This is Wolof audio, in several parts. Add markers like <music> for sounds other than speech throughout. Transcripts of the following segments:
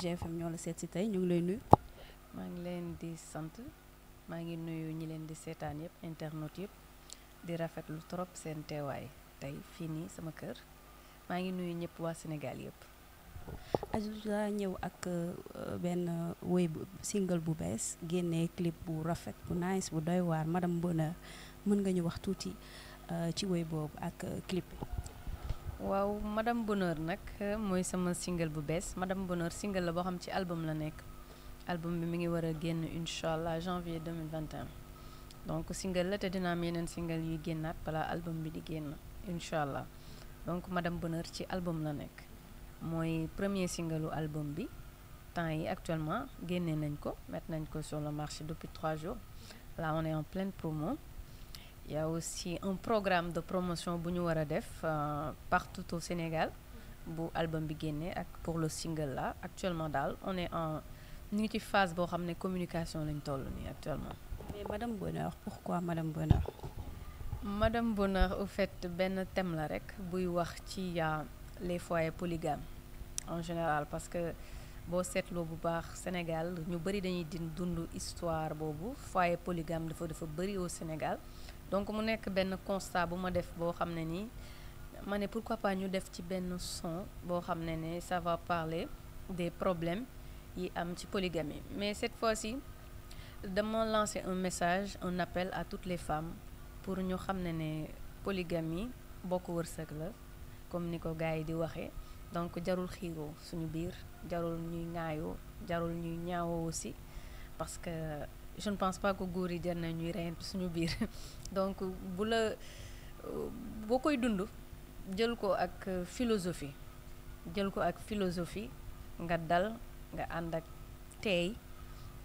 IGFM ñoo la seet si tey ñu ngi lay nuyu. maa ngi leen di sant maa ngi nuyu ñi leen di seetaan yëpp internet yëpp di rafetlu trop seen teewaay tey fii nii sama kër maa ngi nuyu ñëpp waa Sénégal yëpp. Aziza ñëw ak euh, benn woy bu single bu bees génnee clip bu rafet bu nice bu doy waar madame Bonheur mën nga ñu wax tuuti euh, ci woy boobu ak euh, clip waaw madame Bonheur nag euh, mooy sama single bu bees madame Bonheur single la boo xam ci album la nekk album bi mi ngi war a génn janvier 2021 donc single la te dina am yeneen single yuy génnaat balaa album bi di génn inshallah. donc madame Bonheur ci album la nekk mooy premier single album bi temps yi actuellement génnee nañ ko mettre nañ ko sur le marché depuis trois jours là on est en pleine promo. Il y a aussi un programme de promotion euh, partout au Sénégal pour l'album bi pour le single là actuellement Dal, on est en phase pour ramener communication actuellement. mais madame Bonheur pourquoi madame Bonheur. madame Bonheur au fait un thème la rek wax les foyers polygames en général parce que c'est le bu baax Sénégal nous avons une dund histoire de foyer polygame dafa au Sénégal donc mu nekk benn constat bu ma def boo xam ne nii ma ne pourquoi pas ñu def ci benn son boo xam ne ne ça va parler des problèmes yi am ci polygamie mais cette fois-ci dama lancer un message un appel à toutes les femmes pour ñu xam ne ne polygamie bokk wërsëg la comme ni ko gars yi di waxee donc jarul xiiroo suñu biir jarul ñuy ŋaayoo jarul ñuy ñaawoo aussi parce que je ne pense pas ko góor yi jar na ñuy reyante suñu biir <laughs> donc bu la boo koy dund jël ko ak philosophie jël ko ak philosophie nga dal nga ànd ak tey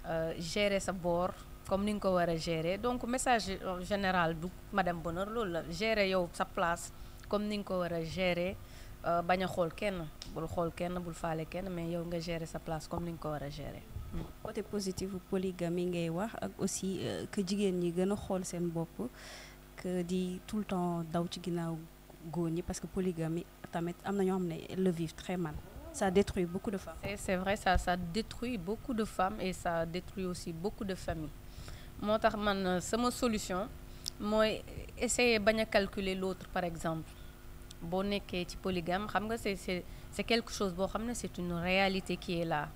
euh, gérer sa boor comme ni nga ko war a gérer donc message général du madame Bonheur loolu la gérer yow sa place comme ni nga ko war a gérer euh, bañ a xool kenn bul xool kenn bul faale kenn mais yow nga gérer sa place comme ni nga ko war a gérer côté positif bu polygamie ngay wax ak aussi euh, que jigen ñi gëna xol xool seen que di tout le temps daw ci ginaaw goor ñi parce que polygamie tamit amna ñoo le vivre très mal ça détruit beaucoup de femmes. C'est vrai ça ça détruit beaucoup de femmes et ça détruit aussi beaucoup de familles motax man euh, sama solution moy essayer baña calculer l'autre par exemple bo nekké ci polygame xam nga c'est c'est quelque chose bo xamné c'est une réalité qui est là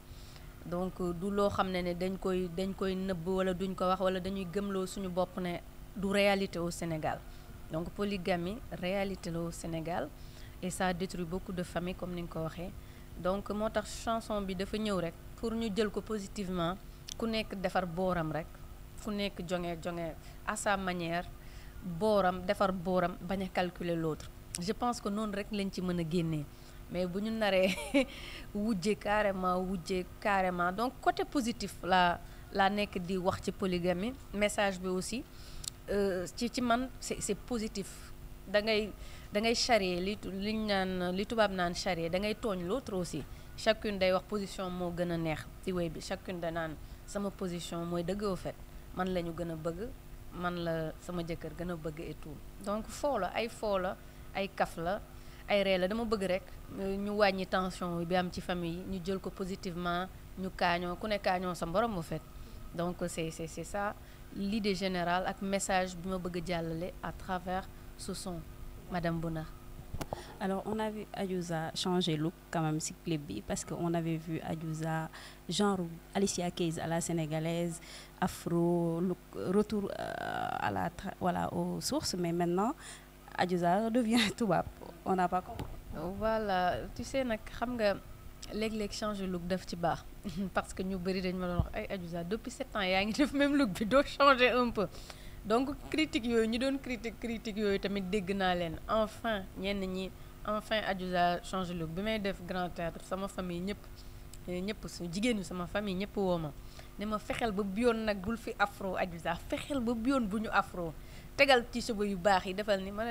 donc euh, du loo xam ne ne dañ koy dañ koy nëbb wala duñ ko wax wala dañuy gëmloo suñu bopp ne du réalité au Sénégal donc polygamie réalité la au Sénégal et ça détruit beaucoup de familles comme ni nga ko waxee donc moo tax chanson bi dafa ñëw rek pour ñu jël ko positivement ku nekk defar booram rek ku nekk jonge jonge à sa manière booram defar booram bañ a calculer l'autre je pense que noonu rek lañ ci mën a génnee mais bu ñu naree <laughs> wujje carrément wujje carrément donc côté positif la la nekk di wax ci polygamie message bi aussi euh, ci ci man c'est positif da ngay da ngay charrier li naan li charrier da ngay l'autre aussi chacune day wax position moo a neex ci bi chacune da position mooy dëgg au fait man la ñu bëgg man la sama jëkkër gën bëgg et tout donc foo la ay foo la ay kaf ay ree la dama bëgg rek euh, ñu wàññi tension bi am ci famille ñu jël ko positivement ñu kaañoo ku ne kaañoo sa mborom mu fet donc euh, c'est c'est ça l'idée générale le message que ma bëgg a à travers ce son Madame Bouna alors on a vu changer look quand même si clip parce qu'on avait vu Adjouza genre Alicia Keys à la sénégalaise afro look retour euh, à la voilà aux sources mais maintenant Adjouza devient <laughs> tout bas on n'a pas compris. voilà tu sais que xam nga leg leg changer look def ci <laughs> parce que ñu bari dañ ma depuis 7 ans yaa ngi def même look bi changer un peu donc critique yooyu ñu doon critique critique yooyu tamit dégg naa enfin ñenn ñi enfin Adiouza change look bi may def grand théâtre sama famille ñëpp eh, ñëpp su sama famille ñëpp woo ma ne ma fexeel ba nag bul fi afro Adiouza fexeel ba biyoon bu afro tegal ci cheveux yu baax yi defal ni ma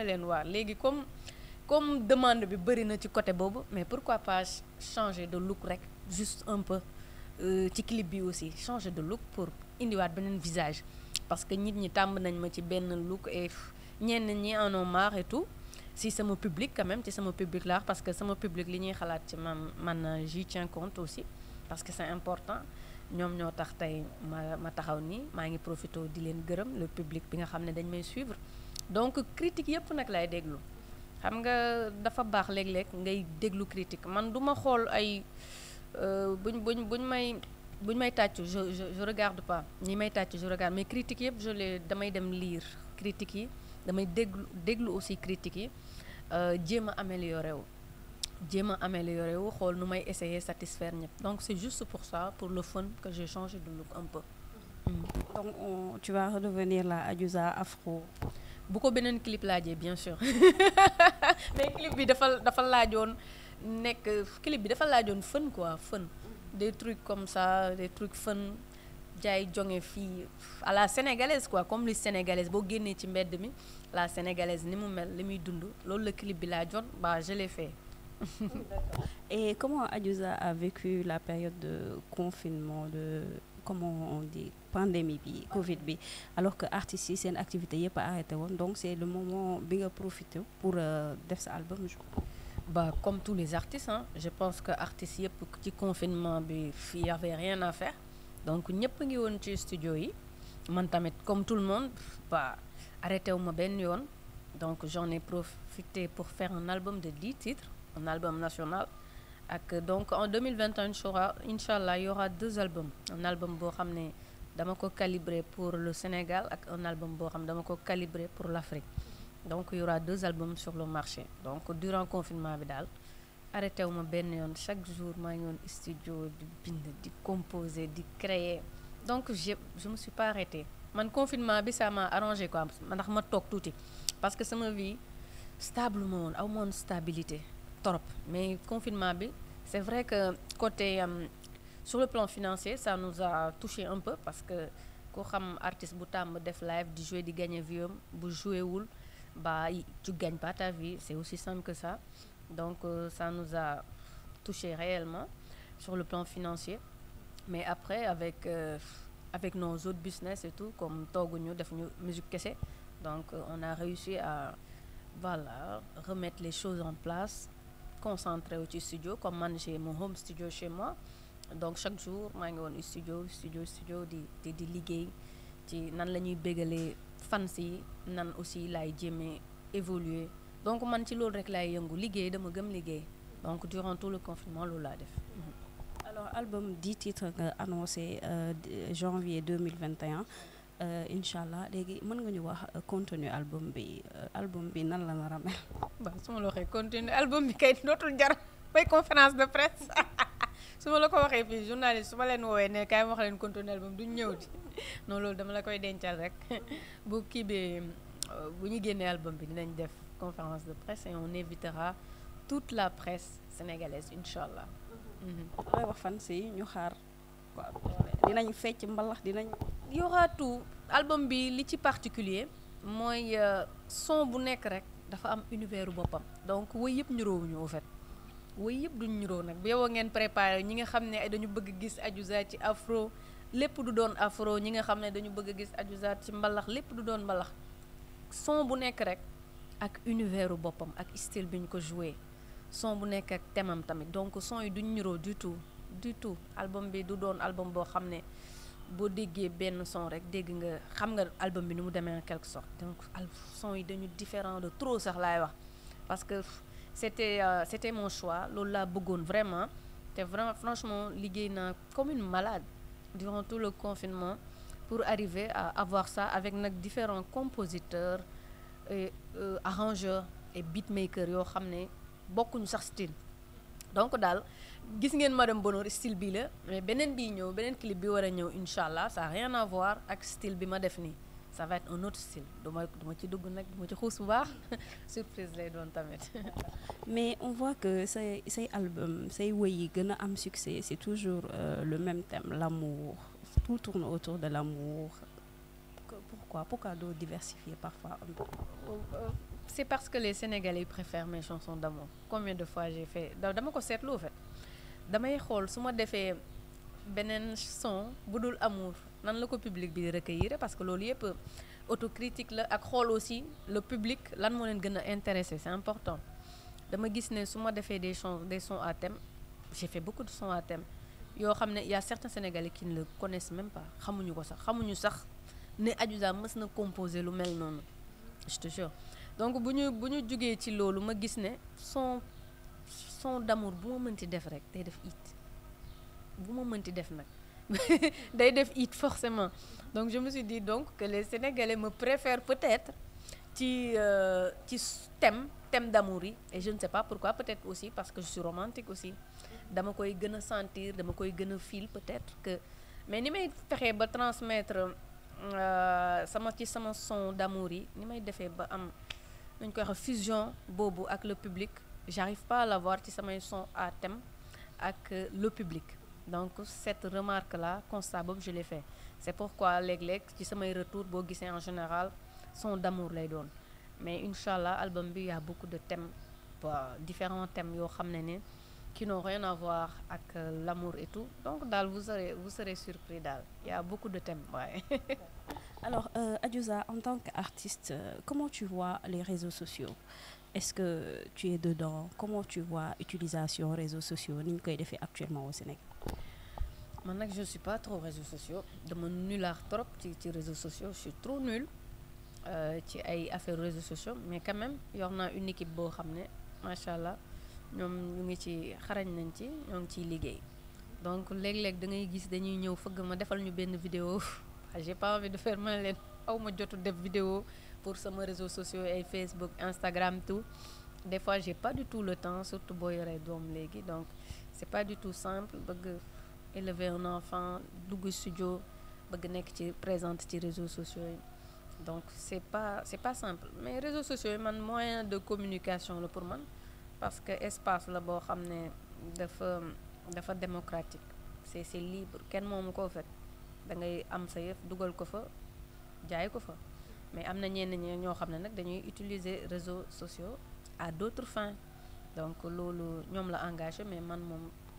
comme comme demande bi bari na ci côté mais pourquoi pas changer de look juste un peu euh, aussi changer de look pour visage parce que nit ñi nañ ma look et en marre et tout si mon public quand même c'est mon public là, parce que mon public j'y tiens compte aussi parce que c'est important ñom ñoo tax tay ma taxaw le public bi nga suivre donc critique lay xam nga dafa baax léeg-léeg ngay déglu critique man du ma xool ay euh, buñ buñ buñ may buñ may tàcc je je regarde pas ñi may tàcc je regarde mais critiques yëpp je les damay dem lire critique yi damay déglu déglu aussi critique yi euh, jéem a amélioré wu jéem a amélioré wu xool nu may essayer satisfaire ñëpp donc c'est juste pour ça pour le fun que j'ai changé de look un peu. donc tu vas redevenir la Adiouza afro bu ko beneen clip laajee bien sûr <laughs> mais clip bi dafa dafa laajoon nekk clip bi dafa laajoon fun quoi fun des trucs comme ça des trucs fun jaay jonge fii à la sénégalaise quoi comme les Sénégalaises, boo génnee ci mbedd mi la sénégalaise ni mu mel li muy dund loolu la clip bi laajoon bah je l'ai fait <laughs> et comment Adjouza a vécu la période de confinement de comme on dit pandémie bi Covid alors que artistes c'est une activité qui n'est arrêté arrêtée. donc c'est le moment bi nga pour euh, def cet album bah comme tous les artistes hein je pense que artistes pour petit confinement il n'y avait rien à faire donc nous ngi woon ci studio comme tout le monde bah arrêté au donc j'en ai profité pour faire un album de 10 titres un album national donc en 2021 inshallah il y aura deux albums un album calibré pour le Sénégal et un album calibré pour l'Afrique donc il y aura deux albums sur le marché donc durant confinement bi dal arrêté ma chaque jour je studio di di composer créer donc je je me suis pas arrêtée man confinement ça m'a arrangé quoi ndax ma tout, parce que sama vie stable ma stabilité trop. mais confinement c'est vrai que côté euh, sur le plan financier ça nous a touché un peu parce que ku xam artiste bu de live di jouer de gagner vie jouer tu gagnes pas ta vie c'est aussi simple que ça donc euh, ça nous a touché réellement sur le plan financier mais après avec euh, avec nos autres business et tout comme Togunio, def musique Kessé, donc on a réussi à remettre les choses en place concentré au studio comme man j'ai mon home studio chez moi donc chaque jour maa ngi un studio studio studio de di di liggéey ci nan la bégalé fans yi nan aussi lay jéemee évoluer donc man ci lool rek lay yëngu de dama gëm donc durant tout le confinement loolu def. alors album 10 titres euh, annoncé euh, janvier 2021 incha euh, inshallah léegi mën nga ñu wax euh, contenu album bi euh, album bi nan la nar a mel. waaw bah, su la waxee contenu album bi kay dootul jar bay conférence de presse <laughs> suma ma la ko waxee fii journaliste su ma leen woowee ne kaay ma wax leen contenu album duñ ñëw di non loolu dama la koy dencal rek <laughs> bu kibe bu ñu génnee album bi dinañ def conférence de presse et on évitera toute la presse sénégalaise incha allah. looy mm-hmm. wax fan si ñu xaar. dinañ fecc mbalax dinañ y aura tout album bi li ci particulier moy euh, son bu nek rek dafa am univers bopam donc woy yëpp niroowuñu au fait woy yëpp duñ niroo nag bu yow ngeen préparer ñi nga xam ay dañu bëgg gis Adiouza ci afro lepp du doon afro ñi nga xam dañu bëgg gis Adiouza ci mbalax lepp du doon mbalax son bu nek rek ak univers bopam ak style biñ ko jouer son bu nek ak thème am tamit donc son yi duñ niroo du tout du tout album bi du doon album bo xam bo déggee un son rek dégg nga xam nga album bi en quelque sorte donc son yi dañu différent de trop sax wax parce que c'était euh, c'était mon choix Lola Bougon vraiment vraiment franchement ligué na comme une malade durant tout le confinement pour arriver à avoir ça avec nos différents compositeurs et euh, arrangeurs et beatmakers yo xamné beaucoup bokkuñu sax style donc daal gis ngeen madame Bonheur style bii la mais beneen bii ñëw beneen clip bi war a ñëw incha ça a rien à voir ak style bi ma def nii ça va être un autre style duma duma ci dugg nag duma ci xuus bu baax <laughs> surprise lay doon tamit. <laughs> mais on voit que say say album say woy yi gën a am succès c'est toujours euh, le même thème l'amour tout tourne autour de l'amour pourquoi pourquoi doo diversifier parfois un peu. Euh, c'est parce que les Sénégalais préfèrent mes chansons d'amour combien de fois j'ai fait dama ko seetlu en fait damay xool si ma fait beneen son Boudoul amour nan la public bi recueillir parce que loolu yëpp autocritique le ak aussi le public lan mo leen gëna intéressé c'est important dama gis né suma défé des chansons des sons à thème j'ai fait beaucoup de sons à thème il y a certains Sénégalais qui ne le connaissent même pas xamuñu ko sax xamuñu sax ne Adiouza mës na composer lu mel non? je te jure donc bu ñu bu ñu jugee ci loolu ma gis ne son son d'amour bu ma mënti def rek day def it bu ma mënti def nag <laughs> day def it forcément donc je me suis dit donc que les Sénégalais me préfèrent peut-être ci euh, ci thème thème d'amour yi et je ne sais pas pourquoi peut-être aussi parce que je suis romantique aussi dama koy gën a sentir dama koy gën a feel peut-être que mais ni may fexee ba transmettre euh, sama ci sama son d'amour yi ni may defee ba am une fusion bobo le public j'arrive pas à l'avoir ça samay son à thème avec le public donc cette remarque là constat ça, je l'ai fait c'est pourquoi si qui sont samay retour les en général sont d'amour les donne mais Inch'Allah, album il y a beaucoup de thèmes bah, différents thèmes yo qui n'ont rien à voir avec euh, l'amour et tout donc vous serez vous serez surpris Dal. il y a beaucoup de thèmes Ouais. <laughs> alors euh, en tant qu'artiste euh, comment tu vois les réseaux sociaux est-ce que tu es dedans comment tu vois utilisation réseaux sociaux ni est koy actuellement au Sénégal. Moi je je suis pas trop réseaux sociaux mon nul trop tu, réseaux sociaux je suis trop nul à faire affaires réseaux sociaux mais quand même il y en a une équipe est ramener machallah ñoom ñu ngi ci xarañ nañ ci ñoo ngi ciy liggéey donc léeg-léeg da ngay gis dañuy ñëw fëgg ma defal ñu benn vidéo <laughs> ah, j'ai pas envie de faire mal ne leen aw ma jotu def vidéo pour sama réseaux sociaux ay Facebook Instagram tout des fois j'ai pas du tout le temps surtout boo yoree doom léegi donc c'est pas du tout simple bëgg élever un enfant dugg studio bëgg nekk ci présente ci réseaux sociaux donc c'est pas c'est pas simple mais réseaux sociaux yi man moyen de communication la pour man parce que espace la boo xam dafa démocratique c'est c'est libre Quelqu'un moomu le fekk da ngay am sa yëf dugal ko fa ko mais am na ñenn ñi ñoo xam ne dañuy utiliser réseaux sociaux à d'autres fins donc nous ñoom la engagé mais man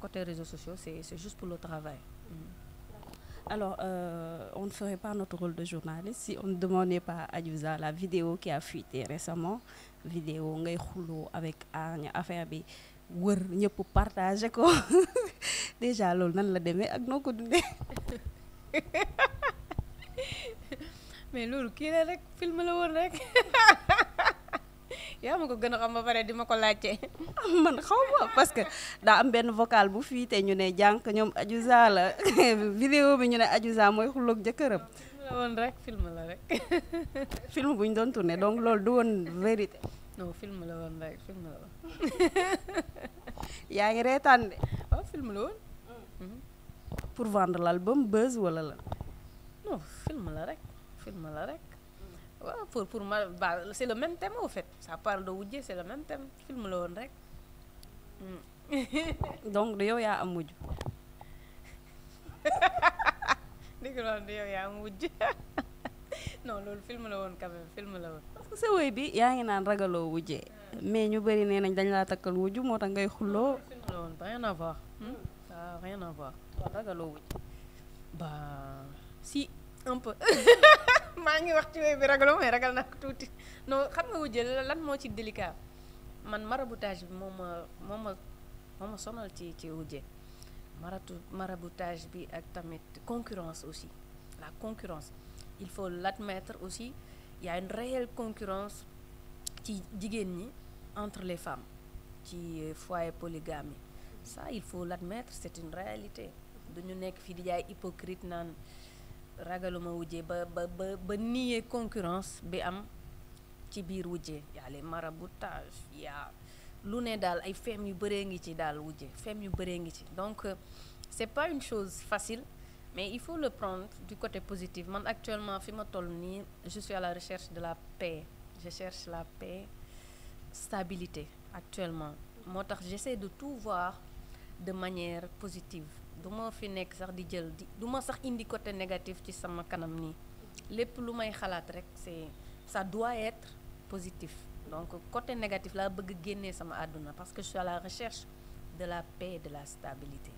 côté réseaux sociaux c'est c'est juste pour le travail. Mm-hmm. Alors, euh, on ne ferait pas notre rôle de journaliste si on ne demandait pas à Yusa la vidéo qui a fuité récemment. Vidéo Ngay avec Agne Affaire B. wër ñëpp partager ko <laughs> déjà loolu nan la demee ak noo ko <laughs> mais loolu kii la rek film la <laughs> yaa ma ko gën a xam ba pare di ma ko laajte ah, man xaw ma parce que daa am benn vocal bu fii te ñu ne jànq ñoom Adiouza la <laughs> vidéo bi ñu ne Adiouza mooy xulloog jëkkëram film <laughs> bu ñu doon tourné donc loolu du woon vérité non film la woon rek <laughs> yaa ngi reetaan de oh, film la woon mm. pour vendre l'album buzz wala la la film la rek pour pour c'est le même thème au fait ça parle de c'est le même thème film le hmm. <laughs> donc Rio ya un non le film le quand même film parce que c'est mais nous rien à voir. Hmm? Hmm. rien à voir. Bah, si un peu. <laughs> maa ngi wax ci wéy bi ragaloo mais ragal naa tuuti non xam nga jël lan moo ci délicat man maraboutage bi moo ma moo ma sonal ci ci wujje maratu maraboutage bi ak tamit concurrence aussi la concurrence il faut l'admettre aussi il y a une réelle concurrence ci jigéen ñi entre les femmes ci foyer polygame ça il faut l'admettre c'est une réalité du ñu nekk fii di jaay hypocrite naan ragaluma wujje ba ba ba ba concurrence bi am ci biir y a les maraboutage il lu ne daal ay fem yu bëree ngi ci daal fait fem yu bëree ngi ci donc euh, c'est pas une chose facile mais il faut le prendre du côté positif man actuellement fi ma je suis à la recherche de la paix je cherche la paix stabilité actuellement moo j'essaie de tout voir de manière positive duma fi nekk sax di jël di du ma sax indi côté négatif ci sama kanam nii lépp lu may xalaat rek c'est ça doit être positif donc côté négatif laa bëgg génnee sama àdduna parce que je suis à la recherche de la paix et de la stabilité.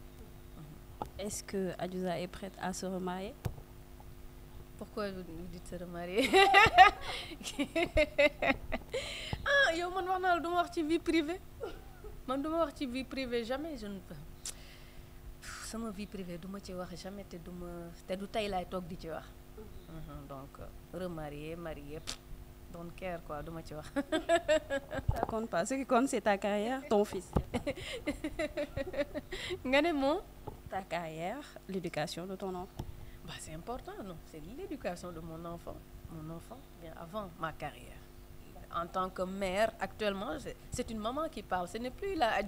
Mhm. Est-ce que Adjouza est prête à se remarier Pourquoi vous dites se remarier <laughs> Ah, yo, man, wax ci vie privée. Je ne vie privée jamais. Je ne peux sama vie privée du ma ci jamais te du ma te du tey laay toog di ci wax mhm, donc remarié marié don't care quoi du ma ci wax <laughs> ça compte pas ce qui compte c'est ta carrière ton fils <laughs> nga ne ta carrière l'éducation de ton enfant bah c'est important non c'est l'éducation de mon enfant mon enfant bien avant ma carrière en tant que mère actuellement c'est une maman qui parle ce n'est plus la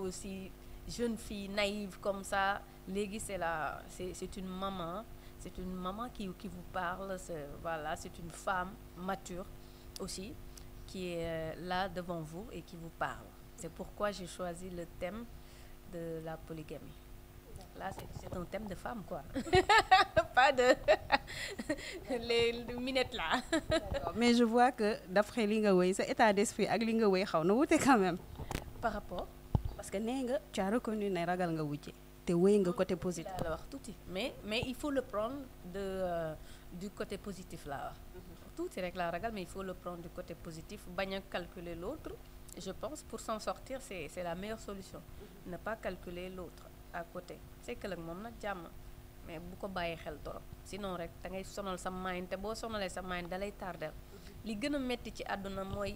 aussi jeune fille naïve comme ça Légui, c'est la c'est une maman c'est une maman qui vous parle c'est, voilà c'est une femme mature aussi qui est euh, là devant vous et qui vous parle c'est pourquoi j'ai choisi le thème de la polygamie là c'est un thème de femme quoi <laughs> de <laughs> les minettes là. mais je vois que d'après li c'est état d'esprit ak li on a quand même. par rapport parce que tu as reconnu ne tu nga wujje te côté positif. Alors tout. mais mais il faut le prendre euh, du côté positif là. Mhm. Tout est avec mais il faut le prendre du côté positif bañ calculer l'autre je pense pour s'en sortir c'est la meilleure solution. Mhm. ne pas calculer l'autre à côté c'est que le moment nag mais bu ko bàyyi xel trop sinon rek da ngay sonal sa mind te boo sonalee sa mind dalay tardel li gën a métti ci àdduna mooy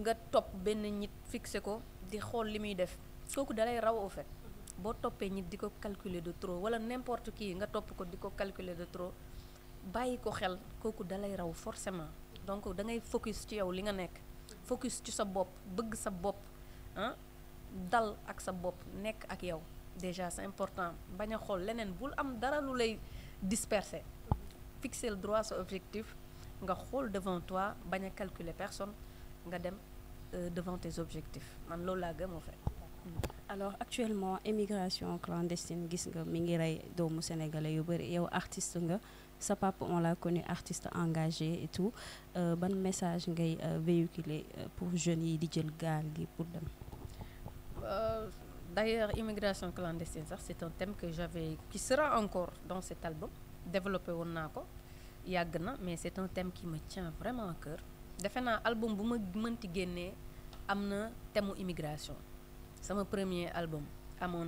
nga topp benn nit fixé ko di xool li muy def kooku dalay raw au fait boo toppee nit di ko calculer de trop wala n'importe qui nga topp ko di ko calculer de trop bàyyi ko xel kooku dalay raw forcément donc da ngay focus ci yow li nga nekk focus ci sa bopp bëgg sa bopp ah dal ak sa bopp nekk ak yow déjà c'est important bañ a xool leneen bul am dara lu lay disperser fixer le droit sur objectif nga xool devant toi bañ a calculer personne nga dem euh, devant tes objectifs man loolu laa gëm fait. alors actuellement immigration clandestine gis nga mi ngi rey doomu sénégalais yu bëri yow artiste nga sa papa on l'a connu artiste engagé et tout euh, ban message ngay euh, véhiculer pour jeunes yi di jël gaal gi pour dem d'ailleurs immigration clandestine c'est un thème que j'avais qui sera encore dans cet album développé il Nako, mais c'est un thème qui me tient vraiment à cœur Dans album bu ma mënti génnee thème immigration Mon premier album À mon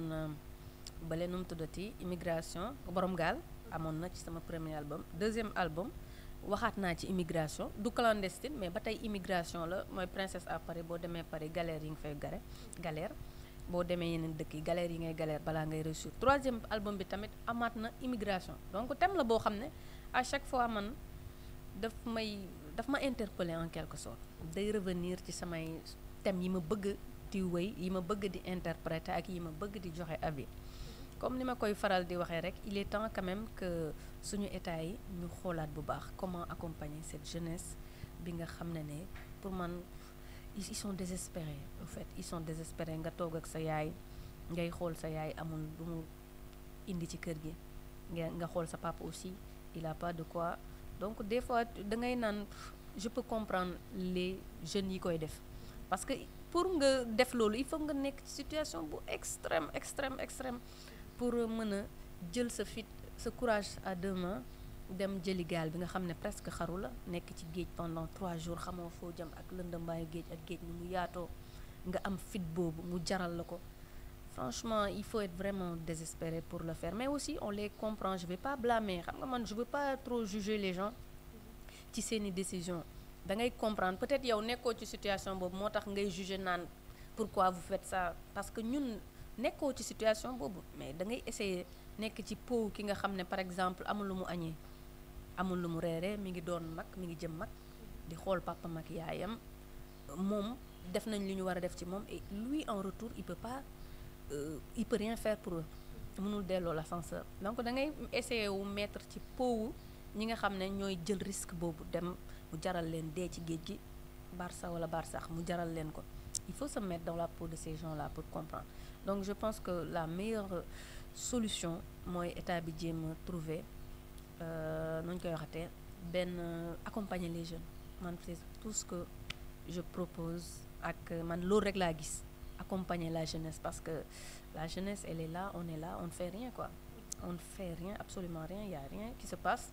immigration borom mon premier album deuxième album waxat na ci immigration du clandestine mais batay immigration la princesse à Paris bo m'a Paris galère ying galère boo demee yeneen dëkk yi galère yi ngay galère balaa ngay réussir troisième album bi tamit amaat na immigration donc thème la boo xam ne à chaque fois man daf may daf ma interpeller en quelque sorte day revenir ci samay thème yi ma bëgg di wéy yi ma bëgg di interpréter ak yi ma bëgg di joxe avis comme ni ma koy faral di waxee rek il est temps quand même que suñu état yi ñu xoolaat bu baax comment accompagner cette jeunesse bi nga xam ne ne pour man ils sont désespérés en fait ils sont désespérés nga toog ak sa yaay ngay xol sa yaay amul lu mu indi ci kër gi nga nga xol sa papa aussi il a pas de quoi donc des fois da ngay je peux comprendre les jeunes yi koy def parce que pour nga def lolu il faut nga nek ci situation bu extrême extrême extrême pour mener jël sa fit courage à deux mains dem jëli gaal bi nga xam ne presque xaru la nekk ci géej pendant trois jours xamoo foo jëm ak lëndëmbaayu géej ak géej ni mu yaatoo nga am fit boobu mu jaral la ko franchement il faut être vraiment désespéré pour le faire mais aussi on les comprend je vais pas blâmer xam nga man je veux pas trop juger les gens ci seeni décision da ngay comprendre peut-être yow nekkoo ci situation boobu moo tax ngay juger naan pourquoi vous faites ça parce que ñun nekkoo ci situation boobu mais da ngay essayer nekk ci peau ki nga xam ne par exemple amul lu mu añee amul lu mu reere mi ngi doon mag mi ngi jëm mag di xool papa ak yaayam moom def nañ li ñu war a def ci moom et lui en retour il peut pas euh, il peut rien faire pour mënul delloo l'ascenseur donc da ngay essayer wu mettre ci powu ñi nga xam ne ñooy jël risque boobu dem mu jaral leen dee ci géej gi Barça wala Barsax mu jaral leen ko il faut se mettre dans la peau de ces gens-là pour comprendre donc je pense que la meilleure solution mooy état bi jéem trouver donc euh, koy accompagner les jeunes tout ce que je propose ak man loolu rek accompagner la jeunesse parce que la jeunesse elle est là on est là on ne fait rien quoi on ne fait rien absolument rien Il y a rien qui se passe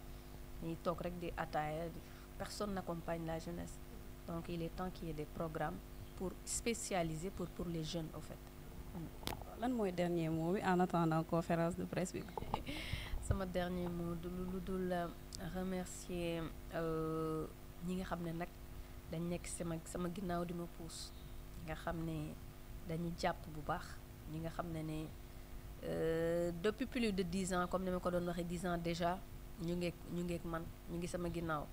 personne n'accompagne la jeunesse donc il est temps qu'il y ait des programmes pour spécialiser pour pour les jeunes au fait lan mooy dernier mot en attendant conférence de presse <laughs> sama dernier mot du lu dul remercier euh, ñi nga xam ne nag dañ nekk sama sama ginnaaw di ma puus nga xam ne dañuy jàpp bu baax ñi nga xam ne ne euh, depuis plus de 10 ans comme ni ma ko doon waxee 10 ans déjà ñu ngeeg ñu ngeeg man ñu ngi sama ginnaaw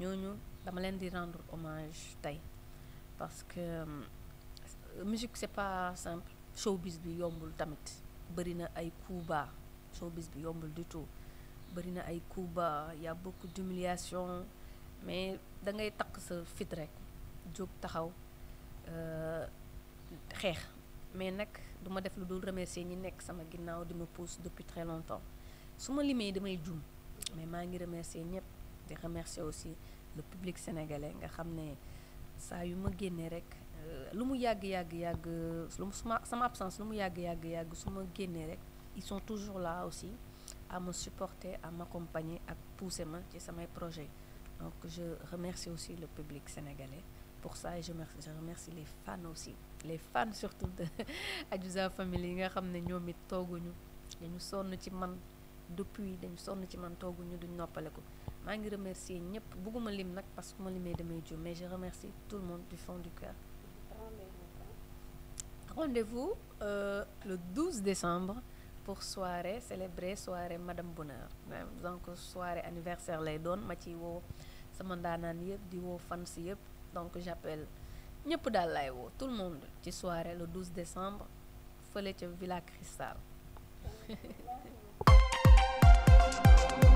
ñooñu dama leen di rendre hommage tey parce que euh, musique c'est pas simple showbiz bi yombul tamit bëri na ay coups bas showbiz bi yombul du tout bari na ay coups bas y a beaucoup d'humiliation mais da ngay tak sa fit rek jóg taxaw euh, xex mais nak du def lu dul remercier ñi nek sama ginnaw di ma pousse depuis très longtemps suma ma damay djum mais ma ngi remercier ñep di remercier aussi le public sénégalais nga xamné ne saa yu ma génnee rek euh, lu mu yàgg yàgg yàgg lu sama absence lu mu yàgg yàgg yàgg su ma génnee rek ils sont toujours là aussi à me supporter à m'accompagner à pousser ma ci mes projets donc je remercie aussi le public sénégalais pour ça et je remercie, je remercie les fans aussi les fans surtout de <laughs> Adjusa Family yi nga xam ne ñoom it sonn depuis nous sonn ci man tooguñu duñ noppaleku maa ngi remercier ñëpp bëgguma lim parce que ma limee mais je remercie tout le monde du fond du cœur rendez-vous euh, le 12 décembre pour soirée célébrer soirée madame Bonheur donc soirée anniversaire les donne ma ci wo sama ndaanaan yeb di donc j'appelle ñep dal lay tout le monde ci soirée le 12 décembre follet ci Villa Cristal <laughs>